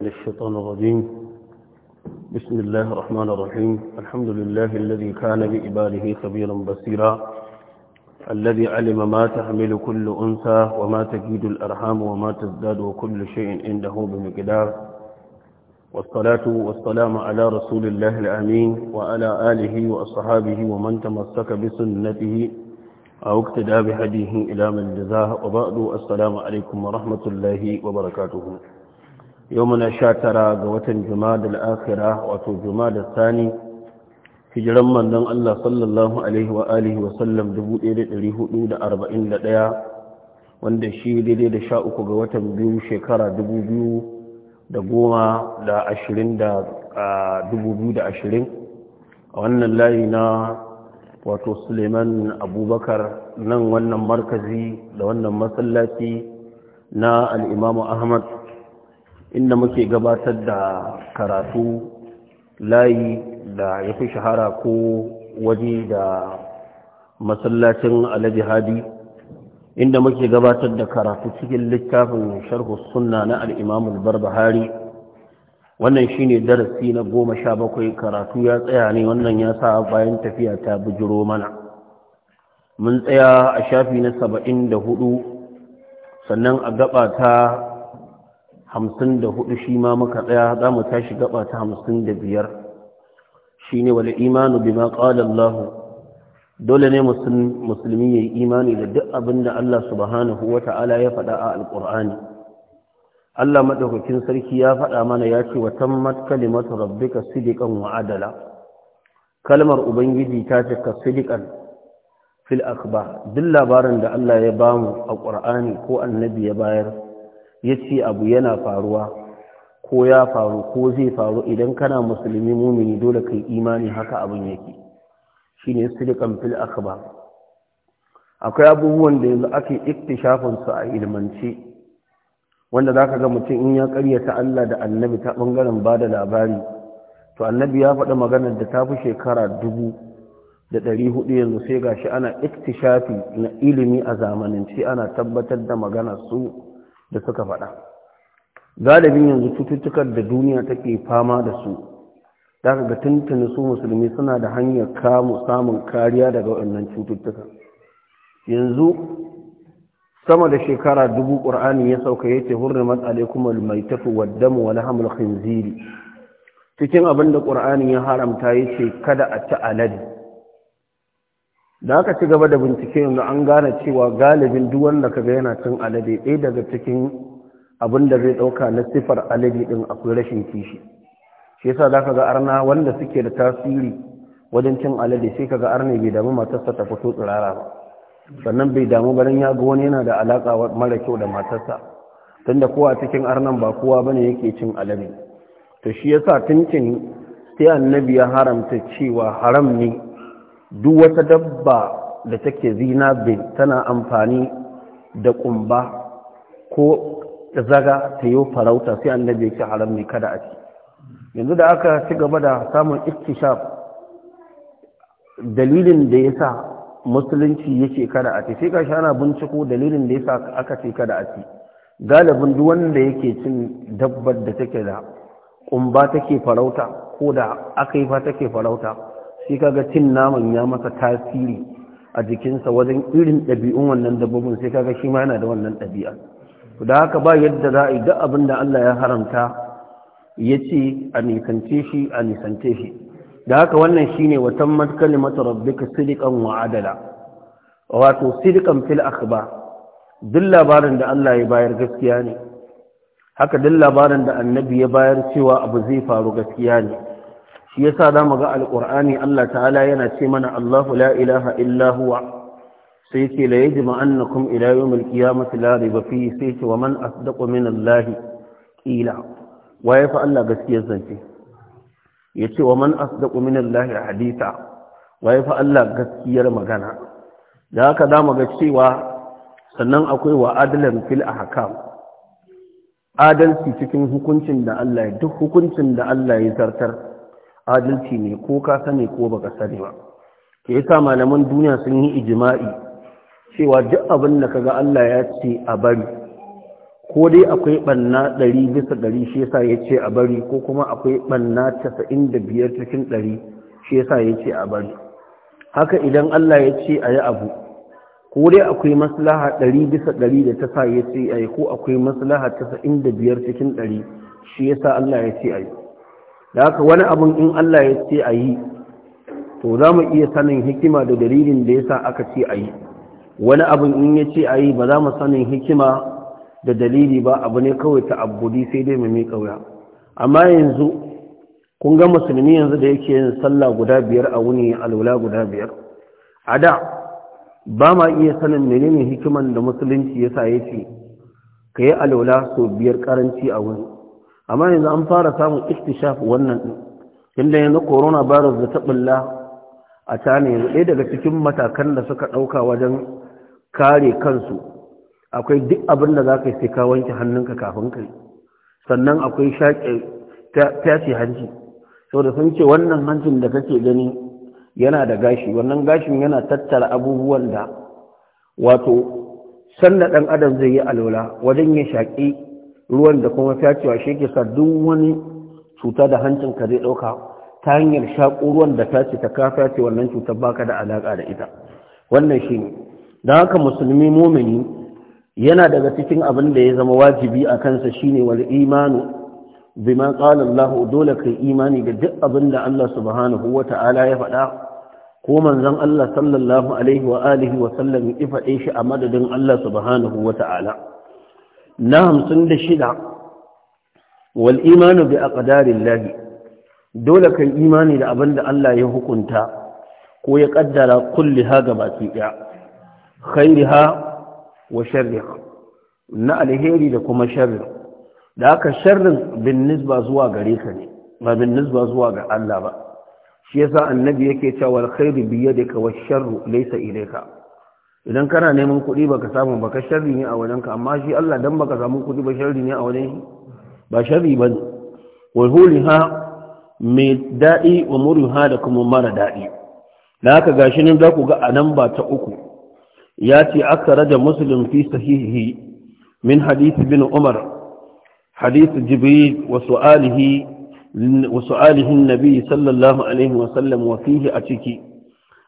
للشيطان الرجيم بسم الله الرحمن الرحيم الحمد لله الذي كان بإباده خبيرا بصيرا الذي علم ما تحمل كل أنثى وما تجيد الأرحام وما تزداد وكل شيء عنده بمقدار والصلاة والسلام على رسول الله الأمين وعلى آله وأصحابه ومن تمسك بسنته أو اقتدى بهديه إلى من جزاه وبعد السلام عليكم ورحمة الله وبركاته yau muna sha tara ga watan da akira wato da sani hijiran mandan Allah sallallahu Alaihi wa alihi wasallam 1441 wanda shi daidai da sha uku ga watan biyu shekara dubu biyu da goma da ashirin a wannan layi na wato suleiman abubakar nan wannan markazi da wannan masallaci na al'imamu ahmad inda muke gabatar da karatu layi da ya fi shahara ko waje da masallacin alhaji hadi inda muke gabatar da karatu cikin littafin sharhu sunna na al'imamul barbahari wannan shine darasi na goma sha bakwai karatu ya tsaya ne wannan ya sa bayan tafiya ta bujiro mana mun tsaya a shafi na saba'in da hudu sannan a gaba ta hamsin da hudu shi ma muka tsaya za mu tashi gaba ta hamsin da biyar shi ne wale imanu bi ma Allah dole ne musulmi ya yi imani da duk abin da Allah subhanahu wa ta'ala ya faɗa a alƙur'ani Allah maɗaukakin sarki ya faɗa mana ya ce wa tammat kalimatu rabbika sidiqan wa adala kalmar ubangiji ta ce ka sidiqan fil akhbar duk labarin da Allah ya bamu a ƙur'ani ko annabi ya bayar ya ce abu yana faruwa ko ya faru ko zai faru idan kana musulmi mumini dole kai imani haka abin yake shi ne sirikan fil akhbar akwai abubuwan da yanzu ake iktishafin su a ilmance wanda zaka ga mutum in ya karyata Allah da annabi ta bangaren da labari to annabi ya faɗi maganar da ta fi shekara dubu da ɗari hudu yanzu sai gashi ana iktishafi na ilimi a zamanin, zamanance ana tabbatar da maganar su da suka faɗa galibin yanzu cututtukan da duniya take fama da su da ga tuntuni su musulmi suna da hanyar kamu samun kariya daga waɗannan cututtuka yanzu sama da shekara dubu ƙur'ani ya sauka ya ce kuma mai tafi waddamu wani hamul khinziri cikin abin da ƙur'ani ya haramta ya ce kada a ci alade da aka ci gaba da bincike yanzu an gane cewa galibin duk wanda kaga yana cin alade ɗaya daga cikin abin da zai ɗauka na siffar alade ɗin akwai rashin kishi shi yasa za ka ga arna wanda suke da tasiri wajen cin alade sai ka ga arna bai damu matarsa ta fito tsirara ba sannan bai damu ganin ya ga wani yana da alaƙa mara kyau da matarsa tunda kowa cikin arnan ba kowa bane yake cin alade to shi yasa cin sai annabi ya haramta cewa haram ne duk wata dabba da take zinabin tana amfani da ƙumba ko zaga ta yi farauta sai annabi ya ce haram ne kada a ci yanzu da aka ci gaba da samun iktishaf dalilin da ya sa musulunci yake kada a ci sai ka ana binciko dalilin da ya sa aka ce kada a ci galibin duk wanda yake cin dabbar da take da ƙumba take farauta ko da aka yi fa take farauta sai kaga cin naman ya masa tasiri a jikinsa wajen irin ɗabi'un wannan dabbobin sai kaga shi ma yana da wannan ɗabi'a da haka ba yadda za a yi duk abin da Allah ya haramta ya ce a nisance shi a nisance shi da haka wannan shine watan matkalimatu rabbika sidqan wa adala wato sirikan fil ba. duk labarin da Allah ya bayar gaskiya ne haka duk labarin da annabi ya bayar cewa abu zai faru gaskiya ne shi yasa za mu ga alƙur'ani Allah ta'ala yana ce mana Allahu la ilaha illa huwa sai ce la yaji annakum ila yawmil qiyamati la riba fi sai ce wa man asdaqu min ƙila. Wa ya fa Allah gaskiyar zance Ya ce wa man asdaqu min Allah Wa ya fa Allah gaskiyar magana da haka za mu ga cewa sannan akwai wa adlan fil ahkam adalci cikin hukuncin da Allah ya duk hukuncin da Allah ya zartar adalci ne ko ka sani ko baka sani ba ke yasa malaman duniya sun yi ijma'i cewa duk abin da kaga Allah ya ce a bari ko dai akwai banna 100 bisa 100 shi yasa ya ce a bari ko kuma akwai banna 95 cikin 100 shi yasa ya ce a bari haka idan Allah ya ce a yi abu ko dai akwai maslaha ɗari bisa ɗari da ta sa ya ce yi, ko akwai maslaha biyar cikin ɗari shi yasa Allah ya ce yi. da haka wani abin in Allah ya ce a yi to za mu iya sanin hikima da dalilin da ya sa aka ce a yi wani abin in ya ce a yi ba za mu sanin hikima da dalili ba abu ne kawai ta abudi sai dai mai kauya amma yanzu kun ga musulmi yanzu da yake yin sallah guda biyar a wuni alwala guda biyar a da ba ma iya sanin menene hikiman da musulunci ya sa ya ce ka yi alwala sau biyar karanci a wuni amma yanzu an fara samun iktishaf wannan inda yanzu corona virus da ta bulla a cana yanzu ɗaya daga cikin matakan da suka ɗauka wajen kare kansu akwai duk abin da za ka yi sai ka wanke hannunka kafin kai sannan akwai shaƙe tashi hanci saboda sun ce wannan hancin da kake gani yana da gashi wannan gashin yana tattara abubuwan da wato sannan ɗan adam zai yi alola wajen ya shaƙi ruwan da kuma fyacewa shi ke sa duk wani cuta da hancin ka zai ɗauka ta hanyar shaƙo ruwan da ta ce ta kafa ce wannan cutar baka da alaƙa da ita wannan shi ne don haka musulmi momini yana daga cikin abin da ya zama wajibi a kansa shine wal imanu bima qala Allah dole kai imani da duk abin da Allah subhanahu wata'ala ya faɗa ko manzon Allah sallallahu alaihi wa alihi wa sallam ya faɗe shi a madadin Allah subhanahu wata'ala na hamsin da shida wal imanu bi aqdarin lahi dole kan imani da abin da Allah ya hukunta ko ya kaddara kulliha gabaki daya khairiha wa sharriha na alheri da kuma sharri da haka sharrin bin nisba zuwa gare ka ne ba bin nisba zuwa ga Allah ba shi yasa annabi yake cewa alkhairu bi yadika wa sharru laysa ilayka idan kana neman kuɗi baka samu baka sharri ne a wajenka amma shi Allah dan baka samu kuɗi ba sharri ne a wajen shi ba sharri ba walhuliha mai daɗi wa murha da kuma mara daɗi Na haka gashi nan za ku ga a nan ba ta uku ya ce aka raja muslim fi sahihi min hadisi bin umar hadisi jibril wa su'alihi وسؤاله النبي صلى الله عليه وسلم a ciki.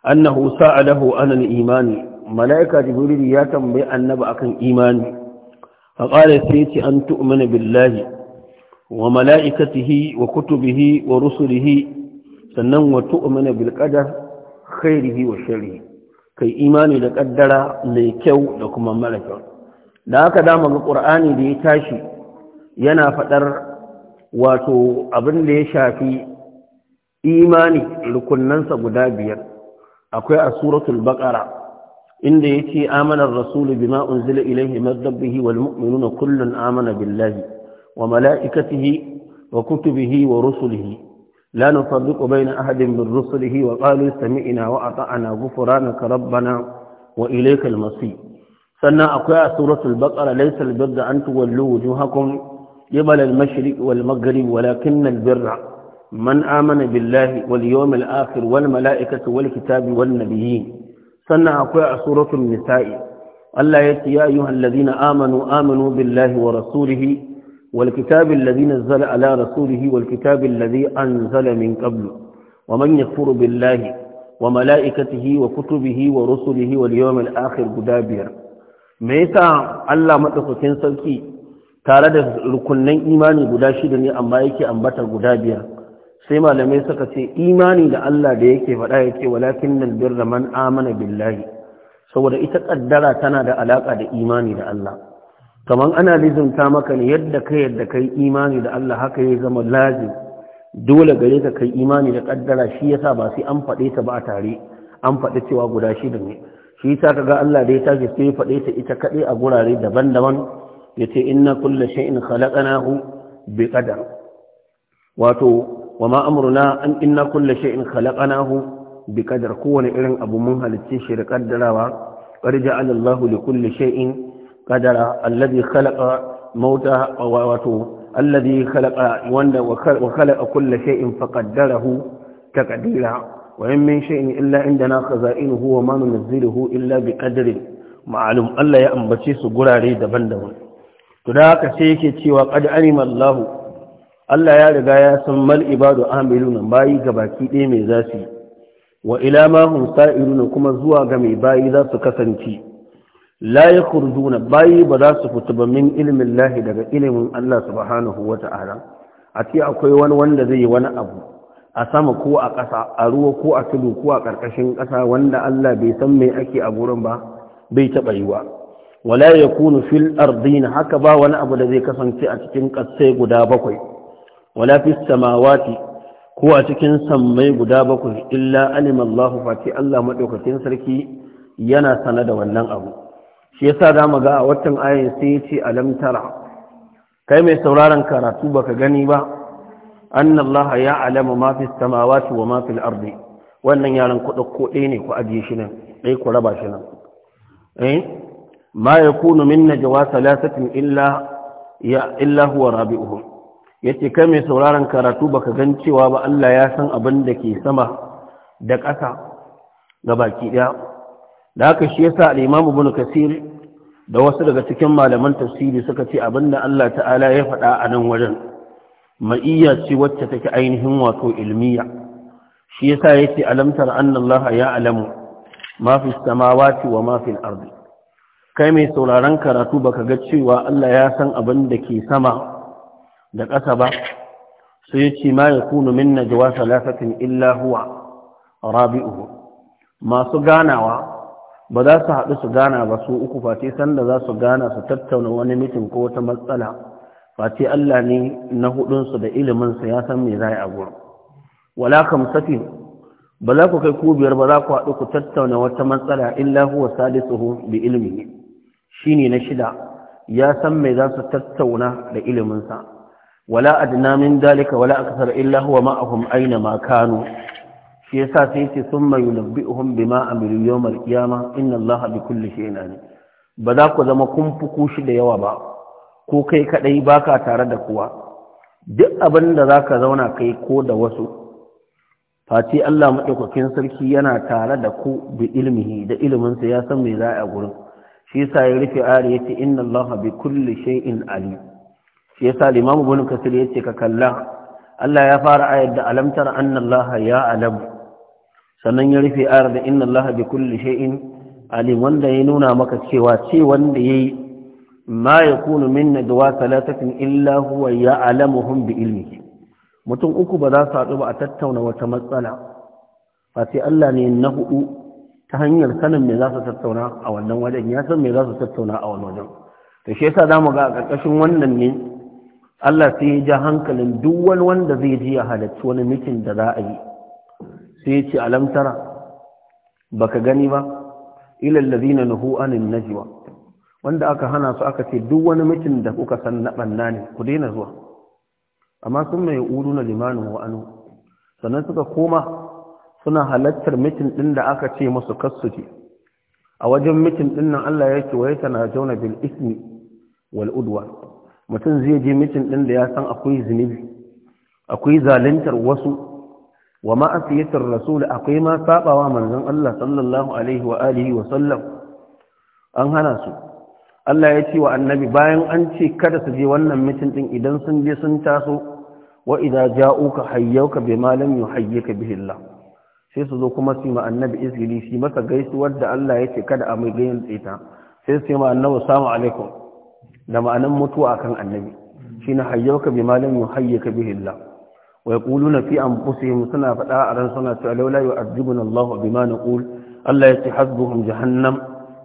Annahu سأله anan imani. mala'ika jibril ya tambayi annabi akan imani fa qala sayti an tu'mina billahi wa mala'ikatihi wa kutubihi wa rusulihi sannan wa tu'mina bil qadar khairihi wa sharrihi kai imani da kaddara mai kyau da kuma mara kyau da haka dama ga qur'ani da ya tashi yana fadar wato abin da ya shafi imani rukunansa guda biyar akwai a suratul baqara inda yace amana ar-rasul bima unzila ilayhi min rabbihi wal mu'minuna kullun amana billahi wa malaikatihi wa kutubihi wa rusulihi la nufarriqu bayna ahadin min rusulihi wa qalu sami'na wa ata'na ghufranaka rabbana wa ilayka al-masir sannan akwai a suratul baqara laysa al-birra an tuwallu wujuhakum قبل المشرق والمغرب ولكن البر من آمن بالله واليوم الآخر والملائكة والكتاب والنبيين sannan akwai a suratul nisa'i Allah ya ce ya ayyuhal ladina amanu amanu billahi wa rasulihi wal kitabil ladzi nazzala ala rasulihi wal kitabil ladzi anzala min qablu wa man yakfuru billahi wa mala'ikatihi wa kutubihi wa rusulihi wal yawmil akhir guda biyar me yasa Allah madaukakin sarki tare da rukunnan imani guda shida ne amma yake ambata guda biyar sai malamai suka ce imani da Allah da yake faɗa yake walakin nan birra man amana billahi saboda ita kaddara tana da alaka da imani da Allah kamar ana ta maka ne yadda kai yadda kai imani da Allah haka ya zama lazim dole gare ka kai imani da kaddara shi yasa ba sai an faɗe ta ba tare an faɗi cewa guda shida ne shi ka ga Allah da ya tashi sai ya faɗe ta ita kaɗai a gurare daban-daban ya ce inna kullu shay'in khalaqnahu bi ƙadar wato wa ma amruna an inna kullu shay'in khalaqnahu bi qadar kowane irin abu mun halicce shi da kaddarawa qad ja'ala Allahu li kulli shay'in qadara alladhi khalaqa mauta wato alladhi khalaqa wanda wa khalaqa kulli shay'in faqaddarahu taqdira وإن من شيء إلا عندنا خزائنه وما ننزله إلا بقدر معلوم الله يا سقراري دبندون تداك سيكي وقد علم الله Allah ya riga ya san mal ibadu amiluna bayi ga baki ɗaya mai za su wa ila ma hum kuma zuwa ga mai bayi za su kasance la yakhrujuna bayi ba za su fita ba min ilimin lahi daga ilimin Allah subhanahu wata'ala a ce akwai wani wanda zai yi wani abu a sama ko a ƙasa a ruwa ko a tudu ko a ƙarƙashin ƙasa wanda Allah bai san me ake a gurin ba bai taɓa yi wa wala yakunu fil ardina haka ba wani abu da zai kasance a cikin ƙasai guda bakwai wala fi samawati ko a cikin sammai guda bakwai illa alima fati Allah madaukakin sarki yana sana da wannan abu shi yasa da mu ga a watan ayin sai yace alam tara kai mai sauraron karatu baka gani ba Annallaha ya alama ma fi samawati wa ma fil ardi wannan yaran kuɗa ko ne ku ajiye shi nan ɗaya ku raba shi nan eh ma yakunu min najwa thalathatin illa ya illa huwa rabi'uhum yace kai mai sauraron karatu baka gan cewa ba Allah ya san abin da ke sama da ƙasa ga baki ɗaya da haka shi yasa al-Imam Ibn Kathir da wasu daga cikin malaman tafsiri suka ce abin da Allah ta'ala ya faɗa a nan wajen ma'iyya ce wacce take ainihin wato ilmiya shi yasa yace alamtar annallaha ya alamu ma fi samawati wa ma ardi kai mai sauraron karatu baka ga cewa Allah ya san abin da ke sama da ƙasa ba sai ya ce ma ya kunu min najwa salasatin illa huwa masu ganawa ba za su haɗu su gana ba su uku Fati sanda za su gana su tattauna wani mitin ko wata matsala Fati Allah ne na hudunsu da iliminsu ya san me zai a gurin wala ba za ku kai ku biyar ba za ku haɗu ku tattauna wata matsala illa huwa salisuhu bi ilmihi shine na shida ya san me za su tattauna da iliminsa wala adna min dalika wala a illa huwa ma'ahum aina ma kanu shi sun sai ce summa yunabbi'uhum bima amilu yawm al-qiyama inna allaha bi kulli shay'in alim ba za ku zama kun fuku da yawa ba ko kai kaɗai baka tare da kuwa? duk abin da ka zauna kai ko da wasu fati Allah madaukakin sarki yana tare da ku bi ilmihi da ilimin sa ya san me za a gurin shi yasa ya rufe ari yace inna allaha bi kulli shay'in alim shi yasa limamu bin kasir yace ka kalla Allah ya fara ayar da alamtar tara anna Allah ya alam sannan ya rufe ayar da inna Allah bi kulli shay'in alim wanda ya nuna maka cewa ce wanda yayi ma yakunu min nadwa salatatin illa huwa ya'lamuhum bi ilmihi mutum uku ba za su haɗu ba a tattauna wata matsala ba sai Allah ne na hudu ta hanyar sanin me za su tattauna a wannan wajen ya san me za su tattauna a wannan wajen to shi yasa zamu ga a ƙarƙashin wannan ne Allah sai ya ja hankalin duk wani wanda zai ji ya halarci wani mitin da za a yi sai ya ce alamtara baka gani ba ilal na nuhu anin najwa wanda aka hana su aka ce duk wani mitin da kuka san na banna ne ku daina zuwa amma sun mai udu limanin wa anu sannan suka koma suna halartar mitin ɗin da aka ce musu kassuke a wajen mitin ɗinnan nan Allah ya ce wa tana jauna bil ismi wal udwa mutum zai je mitin ɗin da ya san akwai zunubi akwai zaluntar wasu wa ma'asiyatar rasul akwai ma sabawa manzon Allah sallallahu alaihi wa alihi wa sallam an hana su Allah ya ce wa annabi bayan an ce kada su je wannan mitin din idan sun je sun taso wa idza ja'uka hayyuka bima lam yuhayyika bihi Allah sai su zo kuma su ma annabi izgili shi masa gaisuwar da Allah ya ce kada a mai gayin tsita sai su ma annabi assalamu alaikum da ma'anan mutuwa akan annabi shine hayyauka bi malam yuhayyaka bihi Allah wa yaquluna fi anfusihim suna fada a ran suna cewa laula yu'adhibuna Allah bima naqul Allah ya tahazbuhum jahannam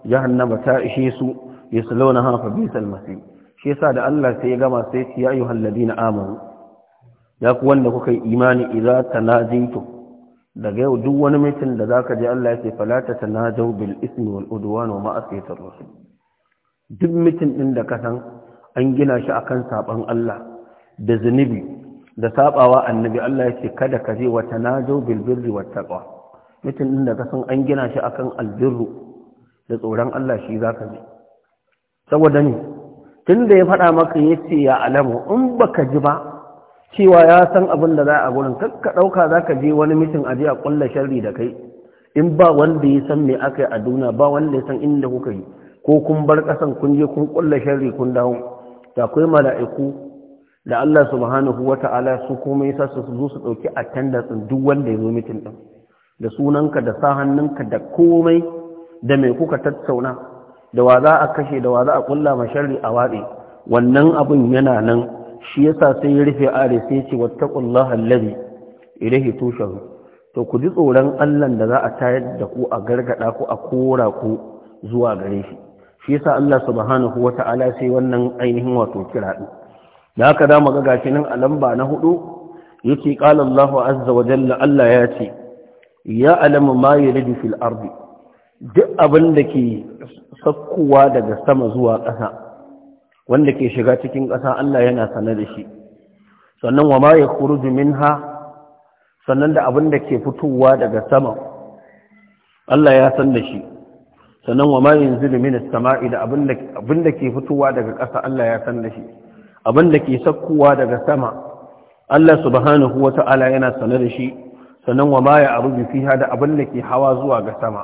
jahannama ta su yaslawnaha fa bisal masir shi yasa da Allah sai ya gama sai ya ayyuhal halladina amanu ya ku wanda kuka yi imani idza tanajitu daga yau duk wani mutum da zaka je Allah ya ce fala tatanajau bil ismi wal udwan wa ma'asiyatir rasul duk mitin ɗin da kasan an gina shi a kan saɓon Allah da zunubi da sabawa annabi Allah ya ce kada ka je wata na zo bilbirri wata ƙwa mitin ɗin da kasan an gina shi a kan albirru da tsoron Allah shi za ka je saboda ne tunda ya faɗa maka ya ce ya alamu in ba ka ji ba cewa ya san abin da za a gurin ka ɗauka za ka je wani mitin je a ƙulla sharri da kai in ba wanda ya san me aka yi a duniya ba wanda ya san inda kuka yi ko kun bar ƙasan kun je kun ƙulla sharri kun dawo da akwai mala'iku da Allah subhanahu wata'ala su kuma yasa su zo su ɗauki attendance duk wanda ya zo mitin ɗin da sunanka da sa hannunka da komai da mai kuka tattauna da wa za a kashe da wa za a ƙulla ma sharri a watsi wannan abin yana nan shi yasa sai ya rufe are sai ce wattaqullaha allazi ilayhi tushahu to ku ji tsoron Allahn da za a tayar da ku a gargaɗa ku a kora ku zuwa gare shi shi yasa Allah subhanahu wata'ala sai wannan ainihin wato kira din da haka da ga gashi nan a lamba na hudu yace qala Allah azza wa jalla Allah ya ce ya alamu ma yuridu fil ardi duk abin da ke sakkuwa daga sama zuwa ƙasa wanda ke shiga cikin ƙasa Allah yana sanar da shi sannan wa ma yakhruju minha sannan da abin da ke fitowa daga sama Allah ya san da shi sannan wa ma yanzilu min samai da abin da ke fitowa daga ƙasa Allah ya san da shi abin da ke sakkowa daga sama Allah subhanahu wata'ala yana sane da shi sannan wa ma ya aruju da abin da ke hawa zuwa ga sama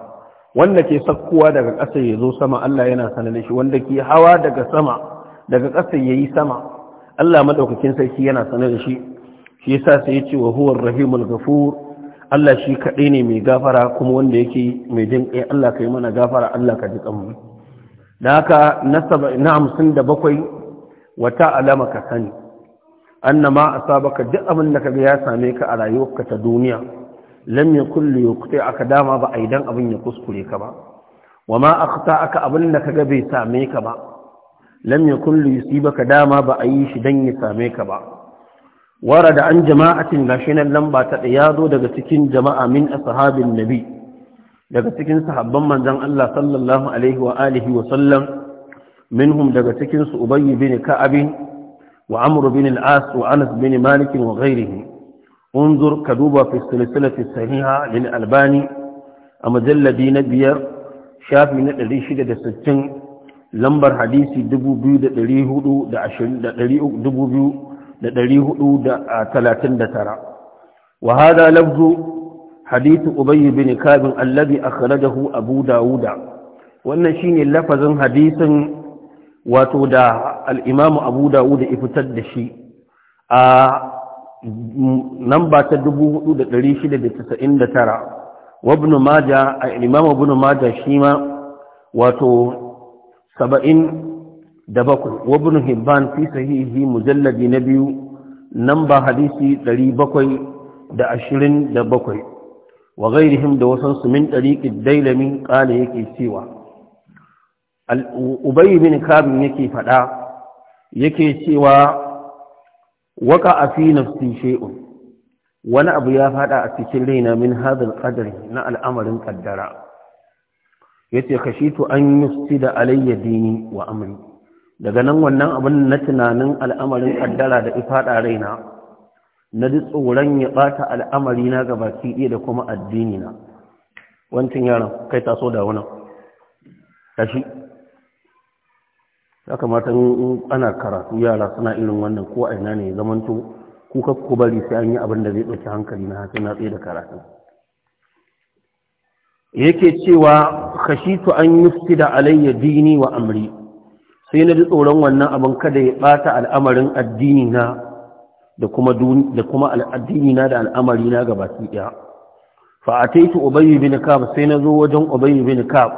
wanda ke sakkowa daga ƙasa ya zo sama Allah yana sane da shi wanda ke hawa daga sama daga ƙasa yayi sama Allah maɗaukakin sarki yana sane da shi shi yasa sai ya ce wa huwa rahimul gafur Allah shi kaɗai ne mai gafara kuma wanda yake mai jin ƙai Allah ka yi mana gafara Allah ka ji ƙanmu da haka na hamsin da bakwai wata alama ka sani annama asabaka duk abin da kaga ya same ka a rayuwarka ta duniya lam yakul li yuqti aka dama ba aidan abin ya kuskure ka ba wama akhta aka abin da kaga bai same ka ba lam yakul li yusibaka dama ba a yi shi dan ya same ka ba wara da an jama'atin gashi nan lamba ta ɗaya zo daga cikin jama'a min a sahabin nabi daga cikin sahabban manzan Allah sallallahu alaihi daga cikin su ubayi bin ka'abi wa amru bin wa anas bin malik wa ghairihi unzur ka duba fi silsilati sahiha lil albani a mujalladi na biyar shafi na 660 lambar hadisi 2420 da ɗari hudu da talatin da tara wa hada lafzu hadithu ubayy bin kabin allabi akhrajahu abu dawuda wannan shine lafazin hadisin wato da al-imamu abu dawuda ya fitar da shi a namba ta da tara. Wabnu Maja a imamu ibn majah shima wato saba'in. da bakwai wabin hibban fi sahihi mujalladi na biyu nan ba hadisi ɗari bakwai da ashirin da bakwai wa gairihim da wasansu min ɗariƙin dailami ƙala yake cewa ubayi bin kabin yake faɗa yake cewa waka a fi nafsi she'un wani abu ya faɗa a cikin raina min hadal ƙadari na al'amarin ƙaddara ya ce kashi to an yi da alayya dini wa amri daga nan wannan abin na tunanin al'amarin ƙaddara da ifaɗa raina na ji tsoron ya ɓata al'amari na gaba ɗaya da kuma addini na wancin yaran kai taso da wani tashi ya kamata in ana karatu yara suna irin wannan ko aina ne zamanto kuka ku bari sai an yi abin da zai ɗauki hankali na hasi na tsaye da karatu yake cewa kashitu an yi da alayya dini wa amri sai na ji tsoron wannan abin kada ya bata al'amarin addini na da kuma da kuma al'addini na da al'amari na ga baki daya fa ataitu ubay bin kab sai na zo wajen ubay bin kab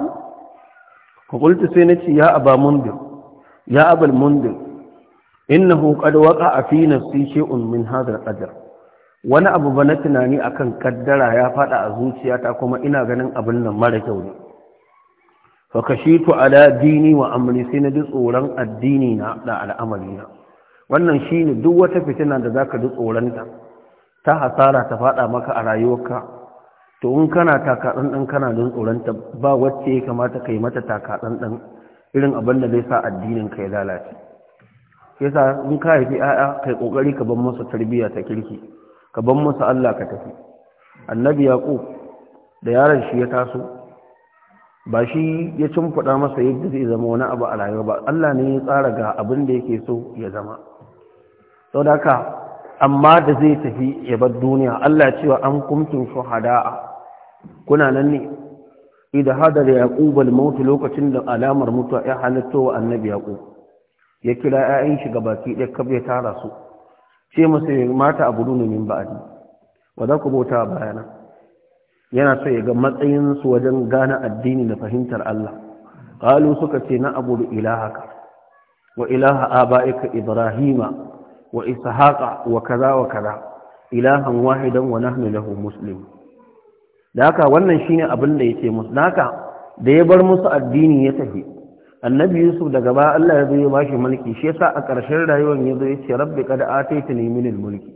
ka kulta sai na ce ya aba mundir ya abal mundir innahu qad waqa'a fi nafsi shay'un min hadha al wani abu ba na tunani akan kaddara ya fada a zuciyata kuma ina ganin abin nan mara kyau ne fa kashitu ala dini wa amri sai na ji tsoron addini na da al'amari na wannan shine duk wata fitina da zaka ji tsoron ta ta hasara ta fada maka a rayuwarka to in kana taka dan kana jin tsoron ta ba wacce ya kamata kai mata taka dan irin abin da zai sa addinin ka ya lalace yasa in ka haifi 'ya'ya kai kokari ka ban masa tarbiyya ta kirki ka ban musu Allah ka tafi annabi yaqub da yaron shi ya taso ba shi ya cimfuda masa yadda zai zama wani abu a rayuwa ba Allah ne ya tsara ga abin da yake so ya zama sau da amma da zai tafi ya bar duniya Allah cewa an kumtun shuhada'a kuna nan ne idan hadar yaqub al-maut lokacin da alamar mutuwa ya halatto wa annabi yaqub ya kira 'ya'yan shi baki ɗaya kabya ya tara su ce masa mata abudu min ba'di wa za ku bauta bayana yana so ya ga matsayinsu wajen gane addini da fahimtar Allah Kalu suka ce na abudu ilahaka wa ilaha abaika ibrahima wa ishaqa wa kaza wa kaza ilahan wahidan wa nahnu lahu muslimun da haka wannan shine abin da yake musu da haka da ya bar musu addini ya tafi annabi yusuf daga ba Allah ya zo ya bashi mulki shi yasa a ƙarshen rayuwar ya zo ya ce rabbi qad ataitani min mulki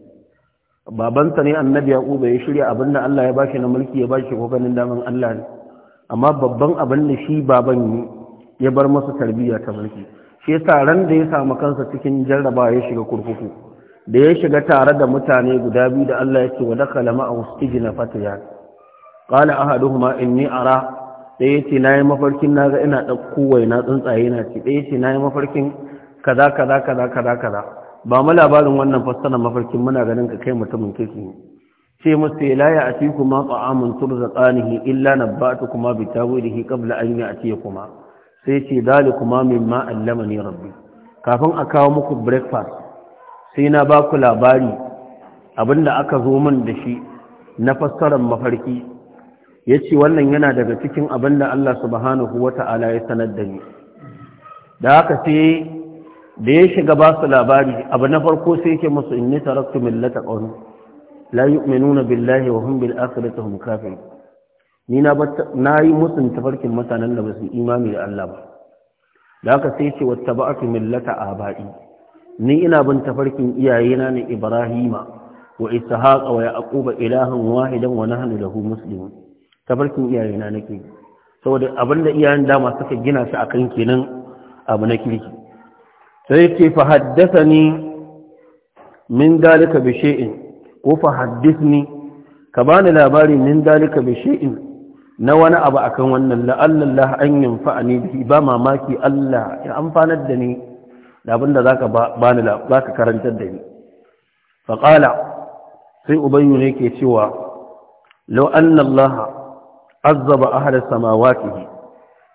babansa ne annabi yaquba ya shirya abinda Allah ya bashi na mulki ya bashi ko ganin daman Allah ne amma babban abin da shi baban ne, ya bar masa tarbiyya ta mulki shi yasa ran da ya samu kansa cikin jarraba ya shiga kurkuku da ya shiga tare da mutane guda biyu da Allah ya ce wa dakala ma ustijna fatiyan qala ahaduhuma inni ara ɗaya ce na yi mafarkin na ga ina ɗauko waina tsuntsaye na ce ɗaya ce na mafarkin kaza kaza kaza kaza kaza ba mu labarin wannan fassarar mafarkin muna ganin ka kai mutumin kirki ce musu la ya ati kuma ta'amun turzaqanihi illa nabatu kuma bi tawilihi qabla an ya'ti kuma sai ce dalikuma mimma allamani rabbi kafin a kawo muku breakfast sai na ba ku labari abinda aka zo min da shi na fassarar mafarki yace wannan yana daga cikin abinda Allah subhanahu wata'ala ya sanar da ni da haka sai da ya shiga ba su labari abu na farko sai yake musu inni taraktu millata qawmi la yu'minuna billahi wa hum bil akhirati hum ni na na yi musu tafarkin mutanen da ba su imami da Allah ba da haka sai ce wattaba'tu millata bai? ni ina bin tafarkin iyayena ne Ibrahima wa Ishaq wa Yaquba ilahan wahidan wa nahnu lahu muslimun tafarkin iyayena nake saboda abinda iyayen dama suka gina shi akan kenan abu na kirki sai ce fa ni min dalika bi ko fa ni? ka bani labari min dalika bi na wani abu akan wannan la'alla Allah an yanfa'ani bihi ba mamaki Allah ya amfanar da ni da abinda zaka karantar da ni fa sai ubayyu ne ke cewa law anna a azzaba ahla samawatihi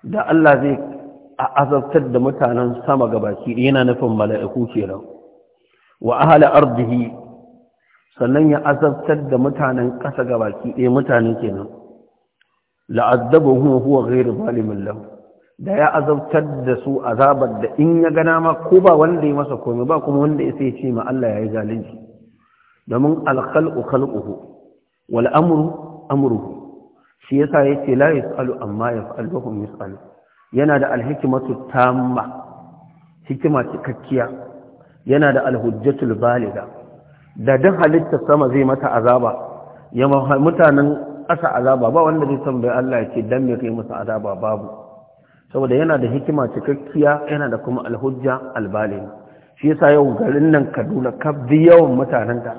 da Allah zai a azabtar da mutanen sama ga baki gabaki yana nufin mala'iku nan. wa ahla arzihi sannan ya azabtar da mutanen ƙasa baki ɗaya mutane kenan la'addabahu huwa gairu malimin lahu da ya azabtar da su azabar da in ya gana ma ko ba wanda ya masa komai ba kuma wanda ya sai ce ma Allah ya yi zalunci domin alkhalqu khalquhu wal amru shi yasa yace la alu amma yaf'aluhum alu yana da alhikimatu tamma hikima cikakkiya yana da alhujjatul baliga da duk halitta sama zai mata azaba ya mutanen ƙasa azaba ba wanda zai tambaye Allah ya ce dan me kai musu azaba babu saboda yana da hikima cikakkiya yana da kuma alhujja albaliga shi yasa yau garin nan Kaduna kaf yawan mutanen ta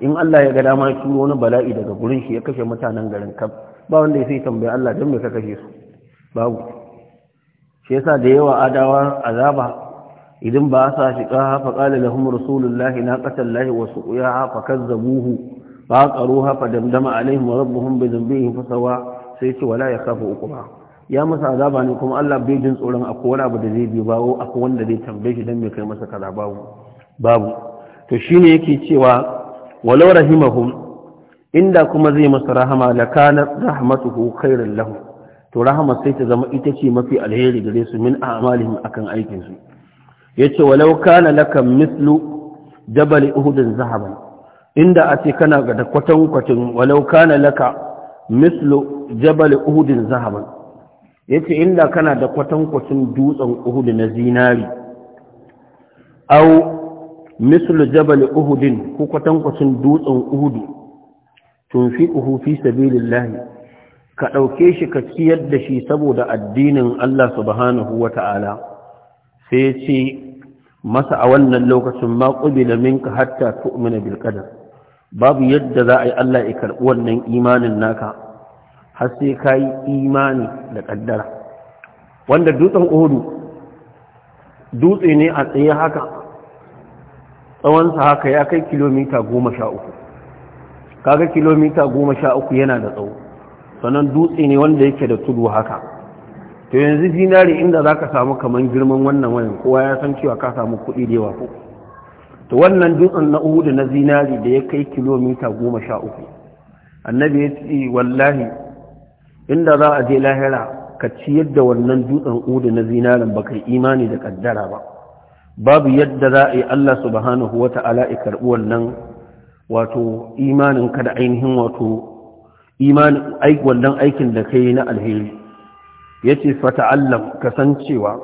in Allah ya ga dama turo wani bala'i daga gurin shi ya kashe mutanen garin kaf ba wanda ya sai tambaye Allah dan me ka kashe su babu shi yasa da yawa adawa azaba idan ba sa shiga hafa da lahum rasulullahi ƙasar lahi wa suqiyaha fakazzabuhu fa qaruha fa damdama alaihim rabbuhum bi dhanbihim fasawa sai ce wala uku ba. ya masa azaba ne kuma Allah bai jin tsoron akwai wani abu da zai bi bawo akwai wanda zai tambaye shi dan mai kai masa kaza babu babu to shine yake cewa walau rahimahum inda kuma zai masa rahama lakana rahmatuhu khairan lahum to rahama sai ta zama ita ce mafi alheri gare su min a'malihim akan aikinsu. Ya ce, walau kana laka mislu jabal uhud zahaban inda a ce kana ga da kwatan kwatin walau kana laka mislu jabal uhud zahaban ce, inda kana da kwatan kwatin dutsen uhud na zinari au mislu jabal uhud ko kwatan kwatin dutsen uhud tunfiquhu fi sabilillahi. ka ɗauke shi ka ciyar da shi saboda addinin Allah subhanahu wa ta'ala sai ce masa a wannan lokacin ma maƙubi da minka hatta tu'mina na babu yadda za a yi Allah ya karɓi wannan imanin naka har sai ka yi imani da ƙaddara wanda dutsen odu dutse ne a tsaye haka tsawonsa haka ya kai kilomita goma sha uku kaga kilomita goma sha uku yana da tsawo sannan dutse ne wanda yake da tudu haka to yanzu zinari inda za ka samu kamar girman wannan wayan kowa ya san cewa ka samu kuɗi da yawa ko to wannan dutsen na da na zinari da ya kai kilomita goma sha uku annabi ya ce wallahi inda za a je lahira ka ci yadda wannan dutsen udu na zinarin ba kai imani da kaddara ba babu yadda za a yi Allah subhanahu wata ta'ala ya karɓi wannan wato imanin ka da ainihin wato imanin wannan aikin da yi na alheri yace fata'allam kasancewa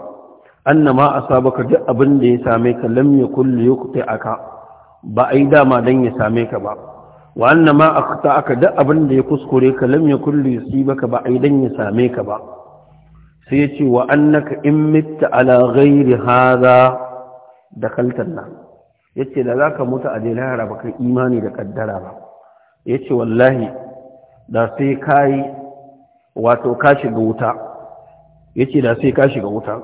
annama ka duk abin da ya same ka lam yakul yuqti'aka ba yi dama dan ya same ka ba wa annama aka duk abin da ya kuskure ka lam yakul yusibaka ba yi dan ya same ka ba sai yace wa annaka in mitta ala ghairi da dakalta nan yace da zaka mutu a ba ka imani da kaddara ba yace wallahi da sai ka wato ka shiga wuta ya da sai ka shiga wuta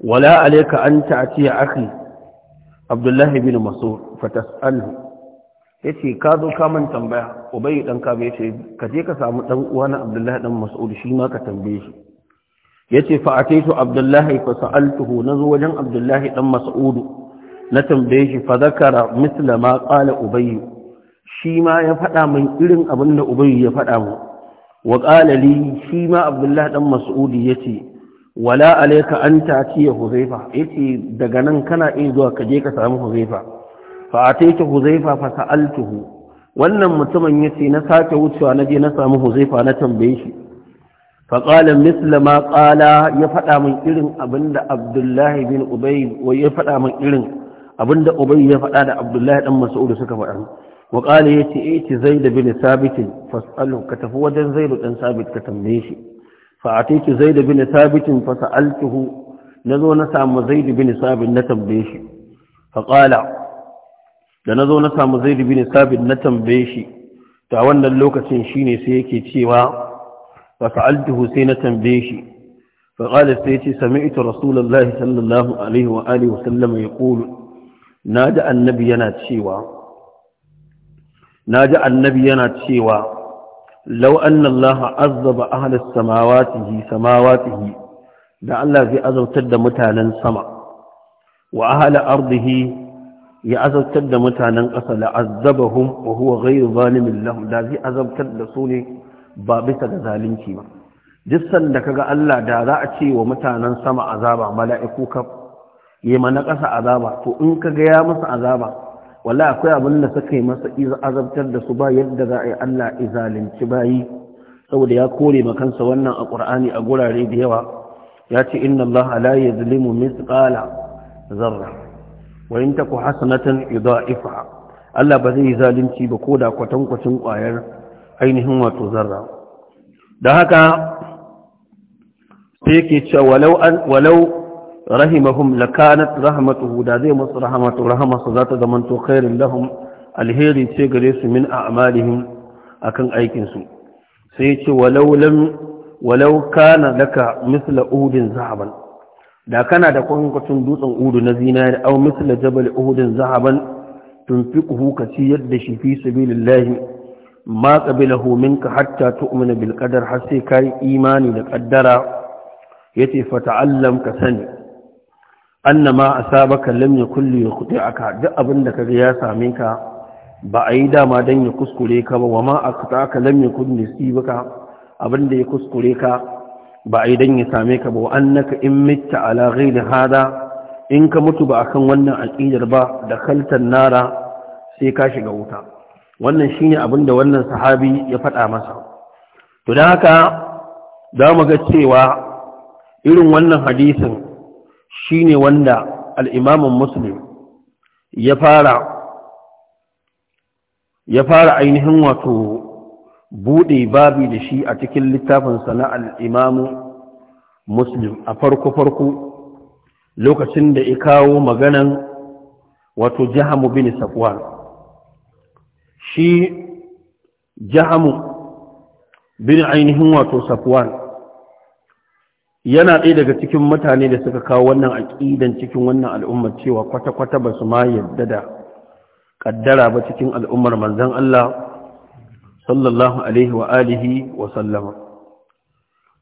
wala alaika an ta'atiya akhi abdullahi bin masud fatas'alhu ya ce ka zo ka kamun tambaya ubayi dan kaba yace ce ka je ka samu dan uwa na abdullahi dan masud shi ma ka tambaye shi ya ce fa'ataitu abdullahi fasa'altuhu na zo wajen abdullahi dan masud na tambaye shi fa zakara misla ma ƙala ubayi shi ma ya faɗa min irin abin da ubayi ya faɗa mu wa ƙalali shi ma abdullahi ɗan mas'udi ya ce wala alaika an ya huzaifa ya ce daga nan kana iya zuwa ka je ka sami huzaifa fa a ta huzaifa fa sa'altuhu wannan mutumin ya ce na sake wucewa na je na sami huzaifa na tambaye shi fa ƙala misla ma ƙala ya faɗa min irin abinda abdullahi bin ubay ya faɗa min irin abinda ubayi ya faɗa da abdullahi ɗan mas'udi suka faɗa wa qala yace iti zaid bin sabit fasalu ka tafi wajen zaid dan sabit ka tambaye shi fa atiki zaid bin sabit fasaltuhu nazo na samu zaid bin na tambaye shi da nazo na samu zaid bin sabit na tambaye shi ta wannan lokacin shine sai yake cewa fasaltuhu sai na tambaye shi فقال سيتي سمعت رسول الله صلى الله ya وآله Na يقول annabi yana cewa. Na ji annabi yana cewa lau anna azzaba azaba samawatihi samawatihi da Allah zai azabtar da mutanen sama wa ahli ardihi ya azabtar da mutanen ƙasa la'azzabahum wa huwa ghayru zalimin lahum da zai azabtar da su ne ba bisa ga zalunci ba duk sanda kaga Allah da za a ce wa mutanen sama azaba mala'iku kaf yi na ƙasa azaba to in kaga ya masa azaba Wala akwai abin da suka yi masa azabtar da su ba yadda za a yi Allah izalinci bayi saboda ya kore makansa wannan a ƙur'ani a gurare da yawa ya ce inna Allah la yazlimu mithqala zarra wa in taku hasanatan yudha'ifa Allah ba zai zalunci ba ko da kwatankwacin ƙwayar ainihin wato zarra da haka sai ke cewa walau walau rahimahum lakanat rahmatuhu da zai musu rahmatu rahmatu za ta zamanto lahum alheri ce gare su min a'malihim akan aikinsu. su sai ce walau lam walau kana laka misla udin zahaban da kana da kwankwacin dutsen udu na zinari aw misla jabal udin zahaban tunfiquhu kasi yadda shi fi sabilillahi ma qabilahu minka hatta tu'mina bil qadar har sai kai imani da qaddara yace fata'allam ka sani annama asabaka lam yakul yukhti'aka duk abin da kaga ya same ka ba a yi dama dan ya kuskure ka ba wama aqta'aka lam yakul nisibaka abin da ya kuskure ka ba a yi dan ya same ka ba wa annaka in mita ala ghairi hada in ka mutu ba akan wannan aqidar ba da khaltan nara sai ka shiga wuta wannan shine abin da wannan sahabi ya faɗa masa to haka za mu ga cewa irin wannan hadisin Shi ne wanda al’imamun muslim ya fara ya ainihin wato buɗe babi da shi a cikin littafinsa na al’imamun muslim a farko-farko lokacin da ya kawo maganan wato jihamu bin safwan shi jihamu bin ainihin wato safwan yana ɗaya daga cikin mutane da suka kawo wannan aƙidan cikin wannan al'ummar cewa kwata-kwata ba su ma yadda da ƙaddara ba cikin al'ummar manzan Allah sallallahu alaihi wa alihi wa sallama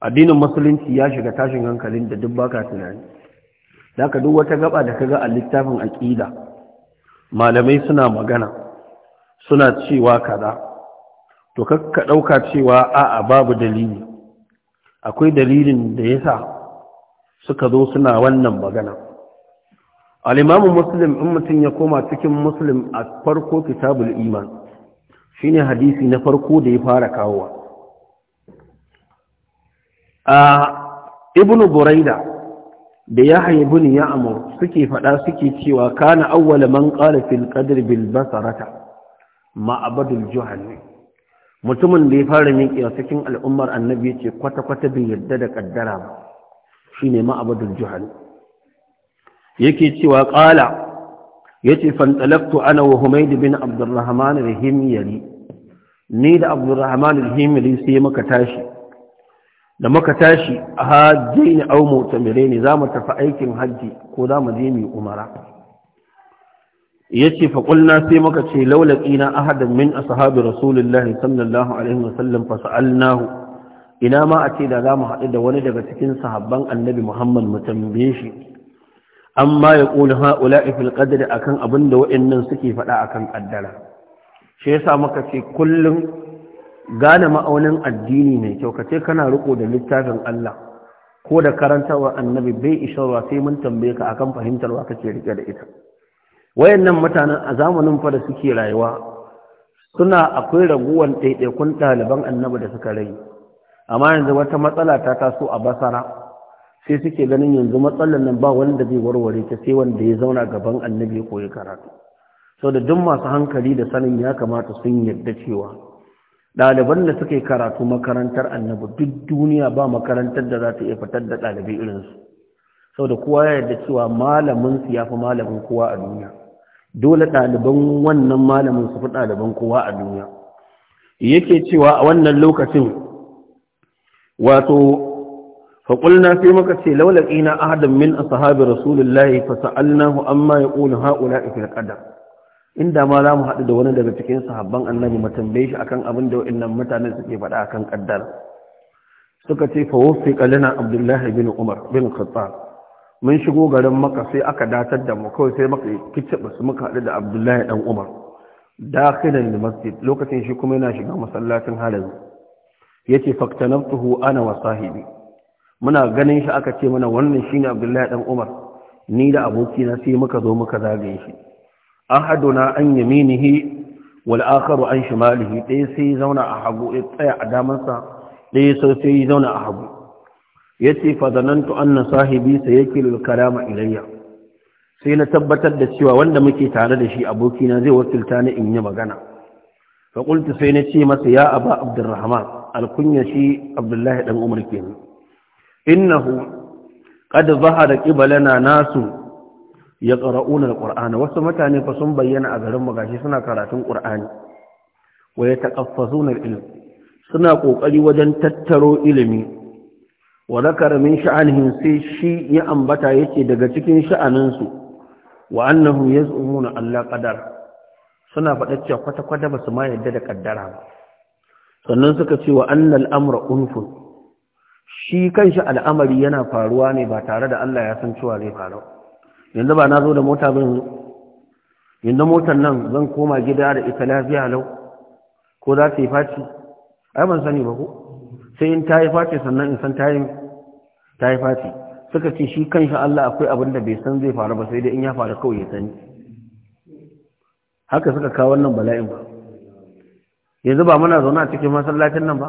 addinin musulunci ya shiga tashin hankalin da duk baka tunani da ka duk wata gaba da ka ga a littafin aƙida malamai suna magana suna cewa kaza to ka ɗauka cewa a'a babu dalili akwai dalilin da ya sa suka zo suna wannan magana al'imamun muslim in mutum ya koma cikin muslim a farko kitabul iman shine hadisi na farko da ya fara kawowa a ibn buraida da ya haibu ya amur suke faɗa suke cewa kana awwala man ƙalafin ƙadir bilbasarata ma'abadul juhannin mutumin da ya fara miƙewa cikin al'ummar annabi ce kwata-kwata bai yarda da ƙaddara shi ne ma'abadin juhal yake cewa ƙala ya ce fantalaktu ana wa humaidu bin abdurrahman rahimiyari ni da abdurrahman rahimiyari sai maka tashi da muka tashi a hajji ne au mutamire ne za mu tafi aikin hajji ko za mu je mai umara yace fa qulna sai muka ce na ahadan min ashabi rasulillahi sallallahu alaihi wasallam fa sa'alnahu ina ma a ce da za mu haɗu da wani daga cikin sahabban annabi muhammad mu tambaye shi amma ya ƙuli ha'ula'i fil qadri akan abin da wa'annan suke faɗa akan ƙaddara shi yasa muka ce kullum gane ma'aunin addini mai kyau kace kana riko da littafin Allah ko da karantawa annabi bai isharwa sai mun tambaye ka akan fahimtarwa kake rike da ita wayannan mutanen a zamanin fa da suke rayuwa suna akwai raguwan ɗaiɗaikun ɗaliban annabi da suka rage amma yanzu wata matsala ta taso a basara sai suke ganin yanzu matsalar nan ba wanda zai warware ta sai wanda ya zauna gaban annabi ya koyi karatu sau da duk masu hankali da sanin ya kamata sun yarda cewa ɗaliban da suka yi karatu makarantar annabi duk duniya ba makarantar da za ta iya fitar da ɗalibai irinsu sau da kowa ya yarda cewa malaminsu ya fi malamin kowa a duniya dole ɗaliban wannan malamin su fi ɗaliban kowa a duniya yake cewa a wannan lokacin wato faƙulna sai muka ce laulaƙi na ahadan min a sahabi rasulullahi fasa'alnahu amma ya ƙuna haƙula ifil ƙadar inda ma za mu haɗu da wani daga cikin sahabban annabi mu tambaye shi akan abin da wa'annan mutanen suke faɗa akan ƙaddar suka ce fa wufi ƙalina abdullahi bin umar bin khattab mun shigo garin maka sai aka datar da mu kawai sai maka basu muka haɗu da abdullahi ɗan umar dakhilan da masjid lokacin shi kuma yana shiga masallacin halazu yace faktanaftuhu ana wa sahibi muna ganin shi aka ce mana wannan shine abdullahi ɗan umar ni da abokina sai muka zo muka zagaye shi ahaduna an yaminihi wal akharu an shimalihi Ɗaya sai zauna a hagu dai tsaya a damansa Ɗaya sai sai zauna a hagu yace fa zanantu anna sahibi sayakilu al-kalama ilayya sai na tabbatar da cewa wanda muke tare da shi abokina zai wakilta ni in yi magana fa qultu sai na ce masa ya aba abdurrahman al-kunya shi abdullahi dan umar kenan innahu qad zahara qibalana nasu yaqra'una al-qur'ana wasu mutane fa sun bayyana a garin magashi suna karatun qur'ani wa yataqaffazuna al-ilm suna kokari wajen tattaro ilimi wa zakara min sha'anihim sai shi ya ambata yake daga cikin sha'aninsu wa annahum yaz'umuna Allah qadar suna faɗa cewa kwata kwata basu ma yadda da kaddara ba sannan suka ce wa annal amra unfun shi kanshi al'amari yana faruwa ne ba tare da Allah ya san cewa zai faru yanzu ba na zo da mota bin yanzu motar nan zan koma gida da ita lafiya lau ko za ta yi faci ai ban sani ba ko sai in ta yi face sannan in san ta yi face suka ce shi kan shi Allah akwai abin da bai san zai faru ba sai dai in ya faru kawai ya sani haka suka kawo wannan bala'in ba yanzu ba muna zaune a cikin masallacin nan ba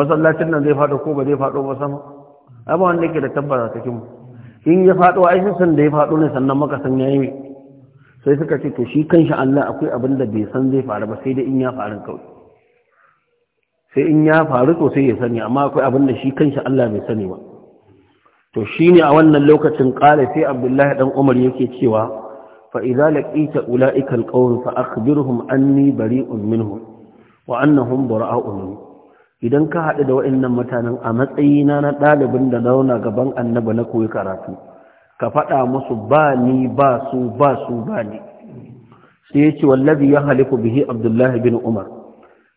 masallacin nan zai faɗo ko ba zai faɗo ba sama abin wanda yake da tabbata cikin mu in ya faɗo ai san da ya faɗo ne sannan maka san yi sai suka ce to shi kan shi Allah akwai abin da bai san zai faru ba sai dai in ya faru kawai sai in ya faru sosai sai ya sani amma akwai abin da shi kanshi Allah bai sani ba to shine a wannan lokacin kala sai Abdullahi dan Umar yake cewa fa idza laqita ulaika alqawm fa akhbirhum anni bari'un minhum wa annahum bara'un idan ka haɗu da waɗannan mutanen a matsayina na ɗalibin da zauna gaban annaba na koyi karatu ka faɗa musu ba ni ba su ba su ba ni sai ya ce wallazi ya halifu bihi abdullahi bin umar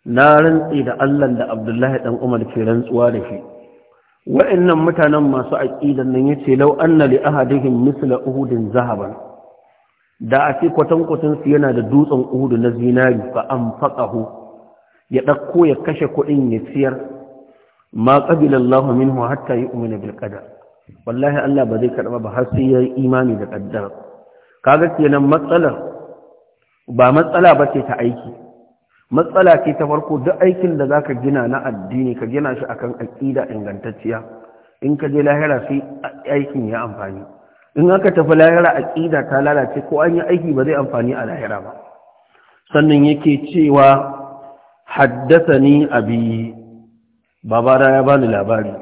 na rantsi da Allah da Abdullahi dan Umar ke rantsuwa da shi Waɗannan mutanen masu aqidan nan ce, law anna li ahadihim misla uhudin zahaban da a ce kwatankwatin su yana da dutsen uhudu na zinari fa anfaqahu ya ɗauko ya kashe kuɗin ya ciyar ma qabila min minhu hatta yu'mina bil qadar wallahi Allah ba zai karba ba har sai ya yi imani da qaddara kaga kenan matsalar ba matsala ba ce ta aiki matsala ce ta farko duk aikin da zaka gina na addini ka gina shi akan aƙida ingantacciya in ka je lahira sai aikin ya amfani in aka tafi lahira aqida ta lalace ko an yi aiki ba zai amfani a lahira ba sannan yake cewa haddathani abi babara ya bani labari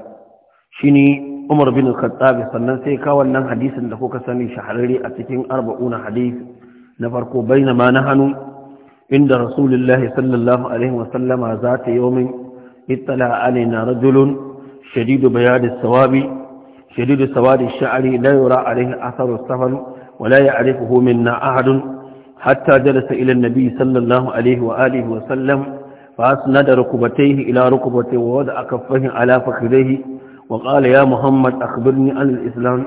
shine Umar bin Khattab sannan sai ka wannan hadisin da kuka sani shahararre a cikin 40 hadisi na farko bainama na hannu inda rasulullahi sallallahu alaihi wasallama za ta yomin ittala alaina rajulun shadidu bayadi sawabi shadidu sawadi sha'ari la yura alaihi atharu safar wa la ya'rifuhu minna ahadun hatta jalasa ila an-nabi sallallahu alaihi wa alihi wa sallam fa asnada rukbatayhi ila rukbatayhi wa wada'a kaffayhi ala fakhidayhi wa qala ya muhammad akhbirni an al-islam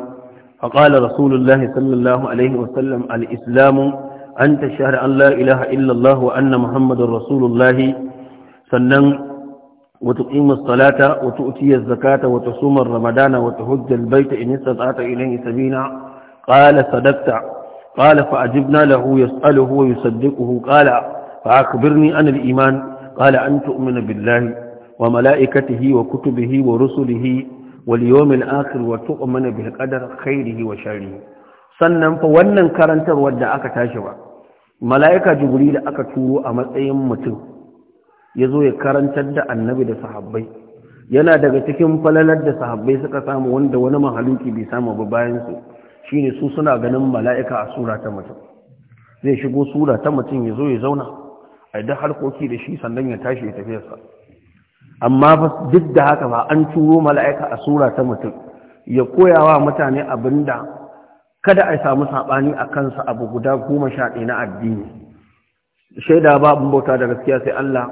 فقال رسول الله صلى الله عليه وسلم الإسلام an ta shahar Allah ilaha illallah wa anna Muhammadun Rasulullah sannan wata ƙimar salata wata utiyar zakata wata sumar ramadana wata hujjar baita in yasta zata ilin isabina ƙala sadakta ƙala fa'ajibna lahu ya tsalo ko ya saddiƙo ko ƙala fa'akabir ni an al'iman ƙala an tu'mina billahi wa mala'ikatihi wa kutubihi wa rusulihi wa liyomin akir wa tu'mina bil kadar khairihi wa sharihi sannan fa wannan karantar wadda aka tashi ba mala'ika da aka turo a matsayin mutum ya zo ya karantar da annabi da sahabbai yana daga cikin falalar da sahabbai suka samu wanda wani mahaluki bai samu ba bayansu shi ne su suna ganin mala'ika a sura ta mutum zai shigo sura ta mutum ya zo ya zauna a duk harkoki da shi sannan ya tashi ya tafiyarsa amma duk da haka ba an turo mala'ika a sura ta mutum ya koya wa mutane abin da kada a samu saɓani a kansa abu guda goma sha ɗaya na addini shaida ba abin bauta da gaskiya sai Allah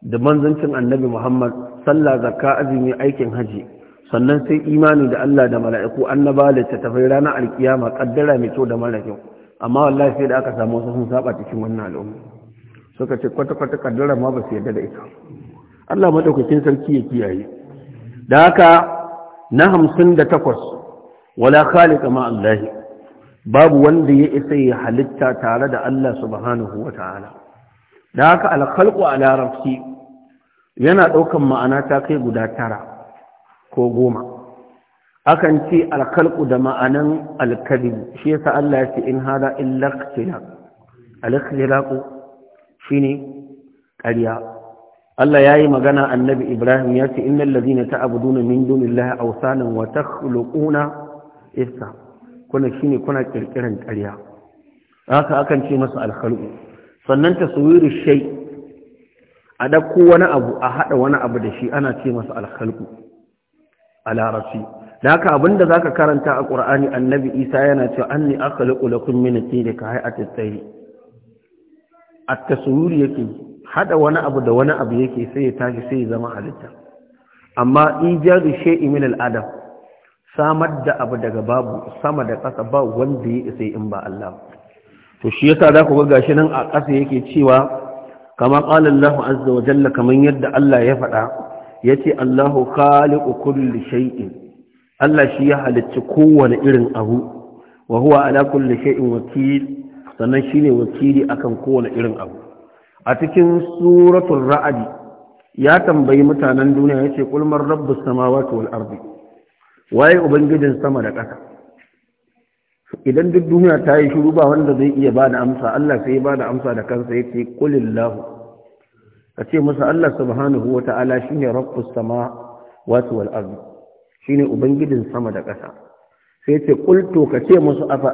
da manzancin annabi Muhammad sallah zakka azumi aikin haji sannan sai imani da Allah da mala'iku annaba littattafai ranar alkiyama kaddara mai kyau da mara kyau amma wallahi sai da aka samu wasu sun saba cikin wannan al'umma suka ce kwata-kwata kaddara ma ba su yarda da ita Allah madaukakin sarki ya kiyaye da haka na hamsin da takwas wala khaliqa ma Allah babu wanda ya isa ya halitta tare da Allah subhanahu wa ta'ala da haka alkalku a larabci yana ɗaukan ma'ana ta kai guda tara ko goma akan ce alkhalqu da ma'anan alkalim shi yasa Allah ya ce in hada illa ikhtilaq al Shi ne? ƙarya Allah ya yi magana annabi Ibrahim ya ce, Inna lalzina ta abuduna min dunillahi ausanan wa ta ifka. kuna shine kuna kirkiran ƙarya haka akan ce masa alkhalqu sannan taswiru shay a dauko wani abu a haɗa wani abu da shi ana ce masa alkhalqu a larabci da haka abinda ka karanta a qur'ani annabi isa yana an ne aka cewa anni akhluqu lakum min da ka hay'ati tayri a taswir yake Haɗa wani abu da wani abu yake sai ya tashi sai ya zama halitta amma ijadu shay'in min al-adam samar da abu daga babu sama da ƙasa ba wanda ya isa in ba Allah to shi yasa za ku ga gashi nan a ƙasa yake cewa kama qala Allah azza wa jalla kaman yadda Allah ya faɗa ya yace Allahu khaliqu kulli shay'in Allah shi ya halicci kowane irin abu wa huwa ala kulli shay'in wakil sannan shi ne wakili akan kowane irin abu a cikin suratun ra'adi ya tambayi mutanen duniya yace qul man rabbus samawati wal ardi waye ubangijin sama da ƙasa idan duk duniya ta yi shiru ba wanda zai iya ba da amsa Allah sai ba da amsa da kansa ya ce kulillahu ka ce masa Allah subhanahu wa ta'ala shi ne rabbus sama wasu wal'adu shi ne ubangijin sama da ƙasa sai ce kulto ka ce musu afa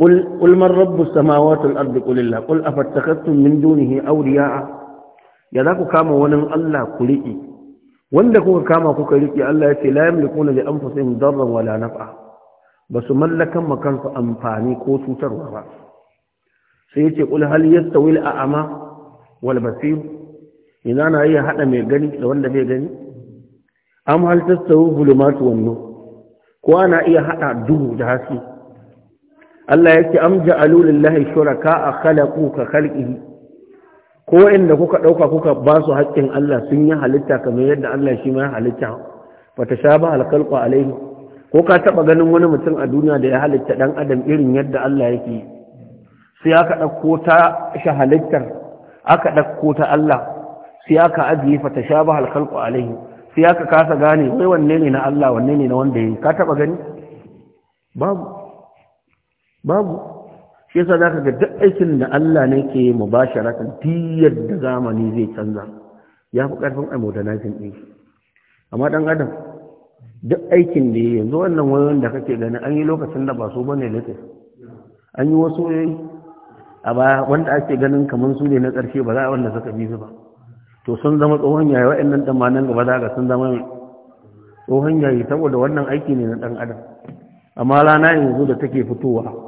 ulmar rabbus sama wasu al'adu kulillah kul afattakattun min dunihi auriya'a ya za ku kama wani Allah ku wanda kuka kama kuka riƙe Allah ya ce la yamlikuna li anfusihim darran wala naf'a ba su mallakan ma kansu amfani ko cutarwa ba sai yace qul hal yastawi al a'ma wal basir ina na iya hada mai gani da wanda bai gani am hal tastawi hulumatu wan nur ko ana iya hada duhu da haske Allah yake am ja'alu lillahi shuraka khalaqu ka khalqihi ko inda kuka ɗauka kuka ba su haƙƙin Allah sun yi halitta kamar yadda Allah shi ma ya halitta bata sha ba alkalƙo alaihi ko ka taɓa ganin wani mutum a duniya da ya halitta ɗan adam irin yadda Allah yake sai aka ɗauko ta shi halittar aka ɗauko ta Allah sai aka ajiye ta sha ba alkalƙo alaihi sai aka kasa gane wai wanne ne na Allah wanne ne na wanda ya yi ka taɓa gani babu babu shi yasa ka ga duk aikin da Allah ne ke rakan, diyar da zamani zai canza ya fi karfin a modernizing ɗin. amma ɗan adam duk aikin da yanzu wannan wayoyin da kake gani an yi lokacin da ba su bane latest an yi wasu wayoyi a baya wanda ake ganin kamar su ne na ƙarshe ba za a wanda suka bi su ba to sun zama tsohon yayi wa'annan dan ma nan gaba za ka sun zama tsohon yayi saboda wannan aiki ne na ɗan adam amma rana yanzu da take fitowa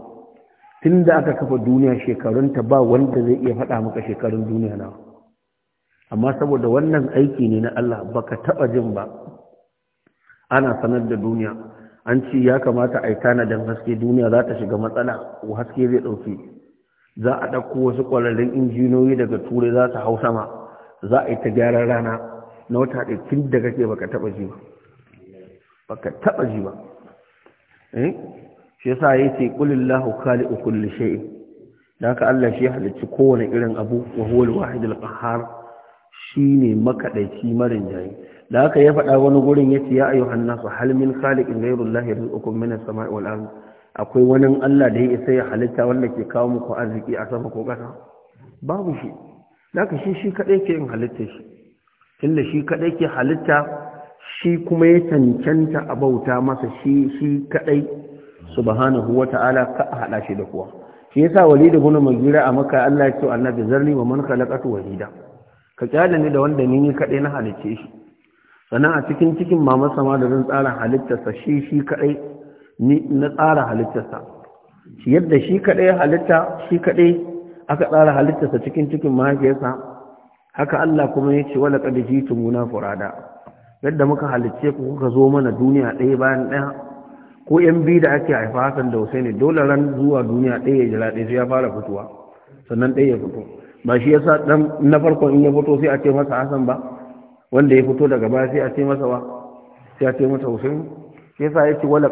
tun da aka kafa duniya shekarun ta ba wanda zai iya faɗa maka shekarun duniya na amma saboda wannan aiki ne na Allah baka taɓa jin ba ana sanar da duniya an ce ya kamata a yi tanadin haske duniya za ta shiga matsala haske zai ɗauki za a ɗauko wasu ƙwararrun injiniyoyi daga turai za su hau sama za a yi ta gyaran rana na wata ɗaya tun da kake baka taɓa ji ba baka taɓa ji ba eh? shi yasa yace kulillahu khaliqu kulli shay dan ka Allah shi halicci kowane irin abu wa huwal wahidul qahhar shine makadaici marin jayi da haka ya faɗa wani gurin yace ya ayyuhan nasu hal min khaliqin ghayrullahi yarzuqukum minas sama'i wal ardh akwai wani Allah da ya isa ya halitta wanda ke kawo muku arziki a sama ko ƙasa babu shi haka shi shi kadai ke yin halitta shi tunda shi kadai ke halitta shi kuma ya cancanta a bauta masa shi shi kadai subhanahu wata'ala ka hada shi da kuwa. shi yasa walid ibn mughira a makka Allah ya ce annabi zarni wa man khalaqatu walida ka kyale ni da wanda ni ni kadai na halicce shi sannan a cikin cikin mama sama da zan tsara halittarsa shi shi kadai ni na tsara halittarsa shi yadda shi kadai halitta shi kadai aka tsara halittarsa cikin cikin mahaifiyarsa haka Allah kuma ya ce wala qad furada yadda muka halicce ku kuka zo mana duniya ɗaya bayan ɗaya ko yan biyu da ake haifa hasan da husaini dole ran zuwa duniya ɗaya ya jira ɗaya sai ya fara fitowa sannan ɗaya ya fito ba shi yasa ɗan na farkon in ya fito sai a ce masa hasan ba wanda ya fito daga baya sai a ce masa wa sai a ce masa shi ya sa ce wala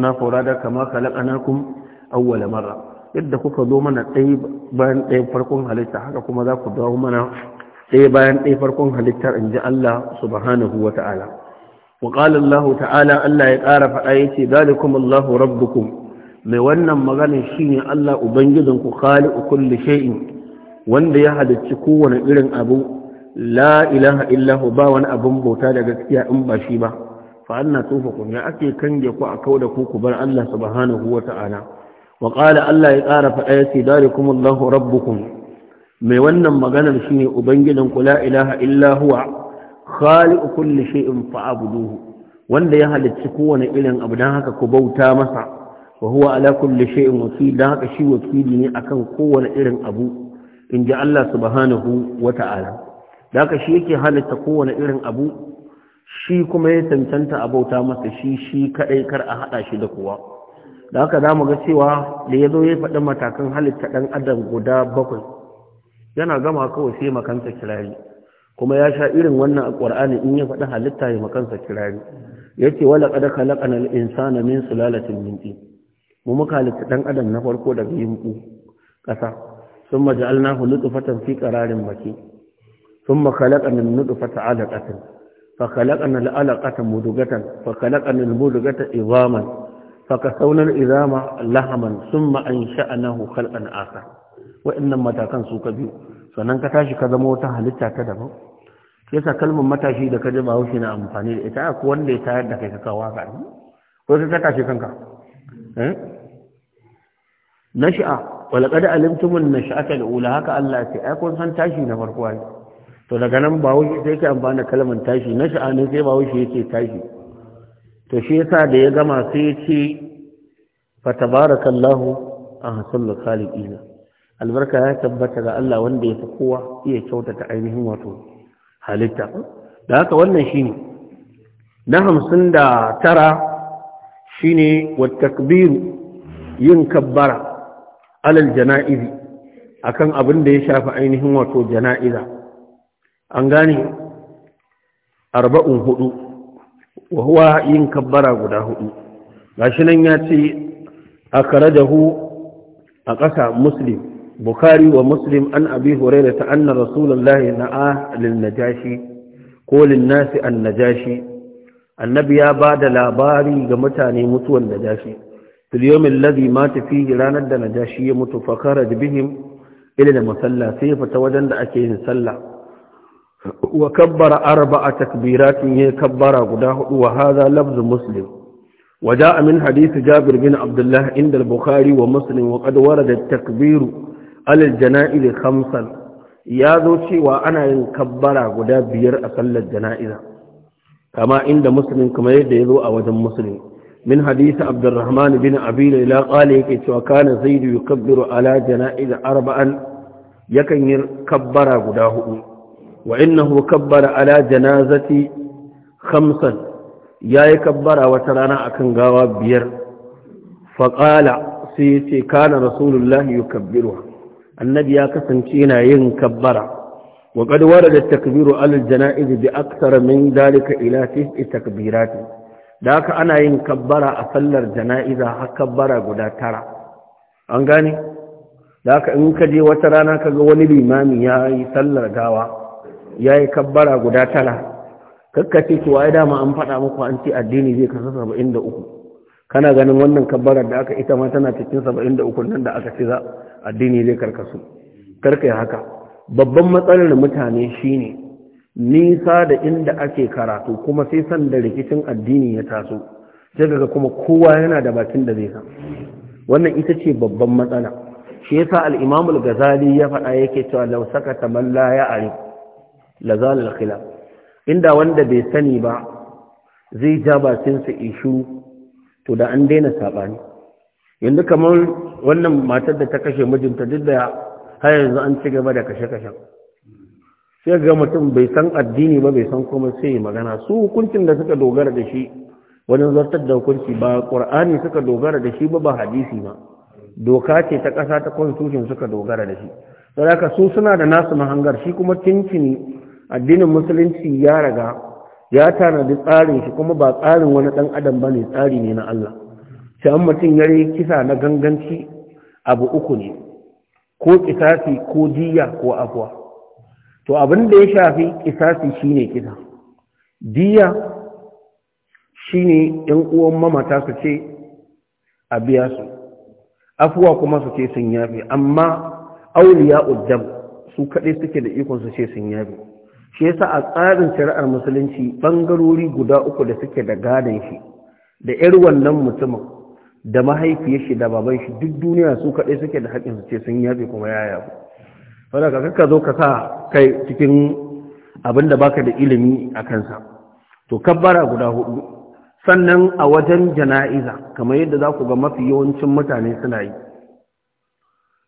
na faura da kama khalaqnakum awwala mara yadda kuka zo mana ɗaya bayan ɗaya farkon halitta haka kuma za ku dawo mana ɗaya bayan ɗaya farkon halittar in ji Allah subhanahu wa ta'ala wa qala ta'ala Allah ya ƙara faɗa yace zalikum Allahu mai wannan maganin ne Allah ubangijin ku khaliqu kulli shay'in wanda ya halicci kowane irin abu la ilaha illa ba wani abun bauta da gaskiya in ba shi ba fa anna tufakun ya ake kange ku a kauda ku ku bar Allah subhanahu wa ta'ala wa qala Allah ya ƙara faɗa yace zalikum Allahu rabbukum mai wannan maganar shine ubangijin ku la ilaha illa khali kulli shay'in fa'buduhu wanda ya halicci kowane irin abu dan haka ku bauta masa wa huwa ala kulli shay'in wakil dan haka shi wakili ne akan kowane irin abu in ji Allah subhanahu wata'ala da haka shi yake halitta kowane irin abu shi kuma ya cancanta a bauta masa shi shi kadai kar a hada shi da kowa da haka za ga cewa da ya zo ya faɗi matakan halitta ɗan adam guda bakwai yana gama kawai sai makansa kirari kuma ya sha irin wannan a ƙwar'ani in ya faɗi halitta ya makansa kirari ya ce wala ƙada kalaƙanar insana min sulalatin minti mu muka halitta ɗan adam na farko daga yimɓu ƙasa sun maja'al na hulutu fatan fi ƙararin maki sun makalaƙanar nutu fata alaƙatan na alaƙatan mudugatan fakalaƙanar mudugatan izaman fakasaunar izama lahaman sun ma'an sha'anahu kalƙan asa Waɗannan matakan su ka biyu sannan ka tashi ka zama wata halitta ta daban shi kalmar matashi da ka ji ba haushi na amfani da ita ko wanda ya tayar da kai ka kawo haka ko sai ka tashi kanka eh wa laqad alimtumun nasha'ata al-ula haka Allah ya ai kun san tashi na farko ai to daga nan ba wuce sai ka amfana kalmar tashi nasha ne sai ba wuce yake tashi to shi yasa da ya gama sai ya ce fa tabarakallahu ahsanul khaliqina albarka ya tabbata ga Allah wanda ya fi kowa iya kyautata ainihin wato halitta da haka wannan shi ne. na hamsin da tara shine wata takbiru yin kabbara alal jana'izi akan abin da ya shafi ainihin wato jana'iza an gane arba'un hudu wa huwa yin kabbara guda hudu gashi nan ya ce a karajahu a ƙasa muslim bukhari wa muslim an abi huraira ta anna rasulullahi na'a lil najashi ko lin nasi an najashi annabi ya ba da labari ga mutane mutuwan najashi filiyomin ladhi mata fihi ranar da najashi ya mutu fakara bihim ila da masalla sai fita wajen da ake yin sallah wa kabbara arba'a takbiratin ya kabbara guda hudu wa hadha lafzu muslim وجاء من حديث جابر بن عبد الله عند البخاري ومسلم وقد ورد التكبير alal jana'iz khamsan ya zo cewa ana yin kabbara guda biyar a sallar jana'iza kama inda muslim kuma yadda ya zo a wajen muslim min hadisi abdurrahman bin abi ila qala yake cewa kana zaid yukabbiru ala jana'iz arba'an yakan yi kabbara guda hudu wa innahu kabbara ala janazati khamsan yayi kabbara wata rana akan gawa biyar faqala sai yace kana rasulullahi yukabbiruha annabi ya kasance yana yin kabbara wa qad da takbiru alal janaiz bi akthar min dalika ila tis'i takbirat da haka ana yin kabbara a sallar jana'iza har kabbara guda tara an gane da haka in ka je wata rana ka ga wani limami ya yi sallar gawa ya yi kabbara guda tara Kakka ce cewa ya dama an faɗa muku an ce addini zai kasa saba'in da uku kana ganin wannan kabbarar da aka ita ma tana cikin saba'in da uku nan da aka ce za addini zai karkasu karkai haka babban matsalar mutane shine nisa da inda ake karatu kuma sai san da rikicin addini ya taso sai ga kuma kowa yana da bakin da zai sa wannan ita ce babban matsala shi yasa al-Imam al-Ghazali ya faɗa yake cewa law sakata man la ya'rif la zal al-khilaf inda wanda bai sani ba zai ja bakin sa ishu to da an daina sabani yanzu kamar wannan matar da ta kashe mijinta duk da har yanzu an ci gaba da kashe-kashen sai ga mutum bai san addini ba bai san komai sai magana su hukuncin da suka dogara da shi wajen zartar da hukunci ba ƙur'ani suka dogara da shi ba ba hadisi ba doka ce ta ƙasa ta constitution suka dogara da shi saboda su suna da nasu mahangar shi kuma cincin addinin musulunci ya raga ya tanadi tsarin shi kuma ba tsarin wani ɗan adam ba ne tsari ne na Allah sai mutum ya yi kisa na ganganci abu uku ne ko kisasi ko diya, ko afuwa to abin da ya shafi kisasi shine kisa diya shine yan uwan mamata su ce a biya su afuwa kuma su ce sun yafi. amma auliya uddam su kaɗai suke da ikon su ce sun yafi. shi yasa a tsarin shari'ar musulunci bangarori guda uku da suke da gadon shi da 'yar wannan mutumin da mahaifiyar shi da baban shi duk duniya su kaɗe suke da haƙin su ce sun yabe kuma ya yabo wanda ka kakka zo ka sa kai cikin abin da baka da ilimi a kansa to kabbara guda hudu sannan a wajen jana'iza kamar yadda za ku ga mafi yawancin mutane suna yi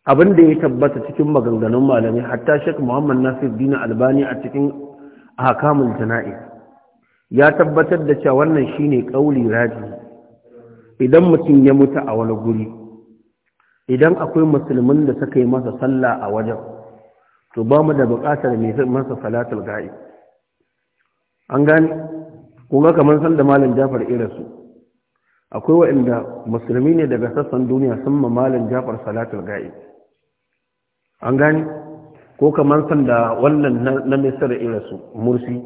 abin da ya tabbata cikin maganganun malami, hatta shek muhammad nasir dina albani a cikin ahkamul jana'iz ya tabbatar da cewa wannan shine kauli rajihi idan mutum ya mutu a wani guri idan akwai musulmin da suka yi masa sallah a wajen to ba mu da buƙatar mai masa salatul ga'i an gane kunga kamar san da malam jafar irinsu akwai waɗanda musulmi ne daga sassan duniya sun ma malam jafar salatul ga'i an gane ko kamar san da wannan na misir irinsu mursi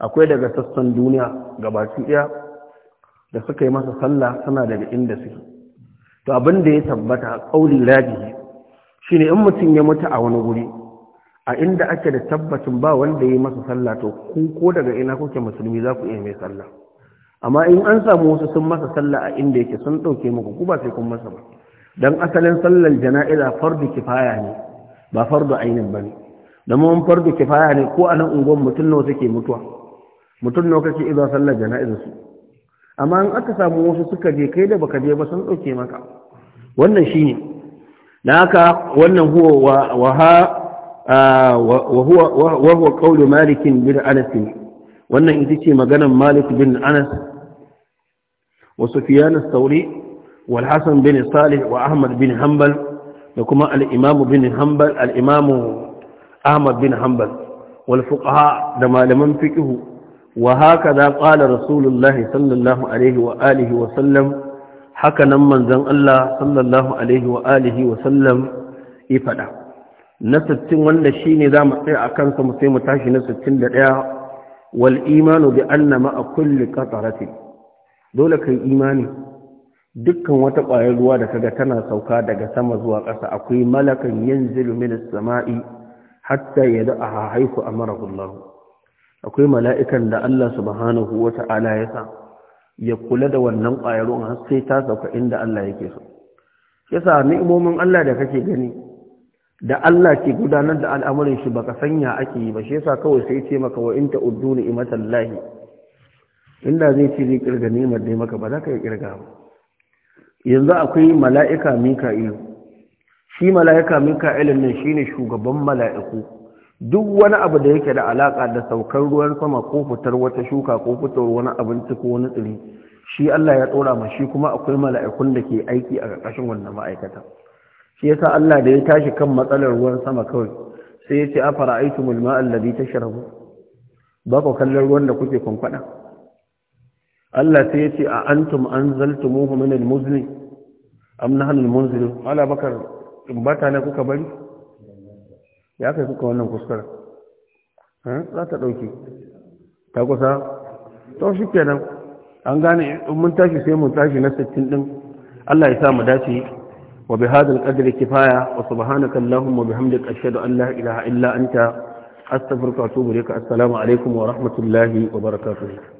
akwai daga sassan duniya gabaki ɗaya da suka yi masa sallah suna daga inda suke to abin da ya tabbata kauli rajihi shine in mutum ya mutu a wani guri a inda ake da tabbacin ba wanda ya yi masa sallah to ku ko daga ina kuke musulmi za ku iya mai sallah amma in an samu wasu sun masa sallah a inda yake sun ɗauke muku ku ba sai kun masa ba dan asalin sallar jana'iza fardu kifaya ne ba fardu ainin bane dan mun fardu kifaya ne ko a nan mutun mutum nawa suke mutuwa mutum nawa kake idan sallar jana'iza su amma in aka samu wasu suka je kai da baka je ba sun dauke maka wannan shi ne na haka wannan huwa wa huwa qawlu malik bin anas wannan ita ce maganar malik bin anas wa sufyan as-sauri wal hasan bin salih wa ahmad bin hanbal da kuma al-imam bin hanbal al-imam ahmad bin hanbal wal fuqaha da malaman fikihu. وهكذا قال رسول الله صلى الله عليه وآله وسلم haka nan manzon Allah sallallahu alaihi wa alihi wa sallam ya faɗa na 60 wanda shine zamu tsaya akan sa mu sai mu tashi da 61 wal imanu bi anna ma kulli qatarati dole kai imani dukkan wata ƙwayar ruwa da kaga tana sauka daga sama zuwa ƙasa akwai malakan yanzilu minas sama'i hatta a haihu a mara Allah akwai mala'ikan da Allah subhanahu wa ta'ala ya sa ya kula da wannan ƙwayar ruwan har sai ta sauka inda Allah yake so Ya yasa ni'imomin Allah da kake gani da Allah ke gudanar da al'amuran shi baka sanya ake yi ba shi sa kawai sai ce maka wa in ta'uddu lahi, inda zai ce zai kirga nemar da maka ba za ka yi kirga ba yanzu akwai mala'ika Mika'ilu. shi mala'ika shi ne shine shugaban mala'iku duk wani abu da yake da alaƙa da saukar ruwan sama ko fitar wata shuka ko fitar wani abinci ko wani tsiri shi Allah ya tsora ma shi kuma akwai mala'ikun da ke aiki a ƙarƙashin wannan ma'aikata shi yasa Allah da ya tashi kan matsalar ruwan sama kawai sai ya ce a fara'aitumul ma'a allazi tashrabu ba ku kallon ruwan da kuke kunkwada Allah sai ya ce a antum anzaltumuhu min al-muzni am nahnu al ala bakar in bata ne kuka bari ya kai kuka wannan kuskar eh, za ta ɗauki ta kusa to shi kenan an gane mun tashi sai mun tashi na 60 din Allah ya sa mu dace wa bi hadal qadri kifaya wa subhanaka allahumma bihamdika ashhadu an la ilaha illa anta astaghfiruka wa atubu ilaik assalamu alaikum wa rahmatullahi wa barakatuh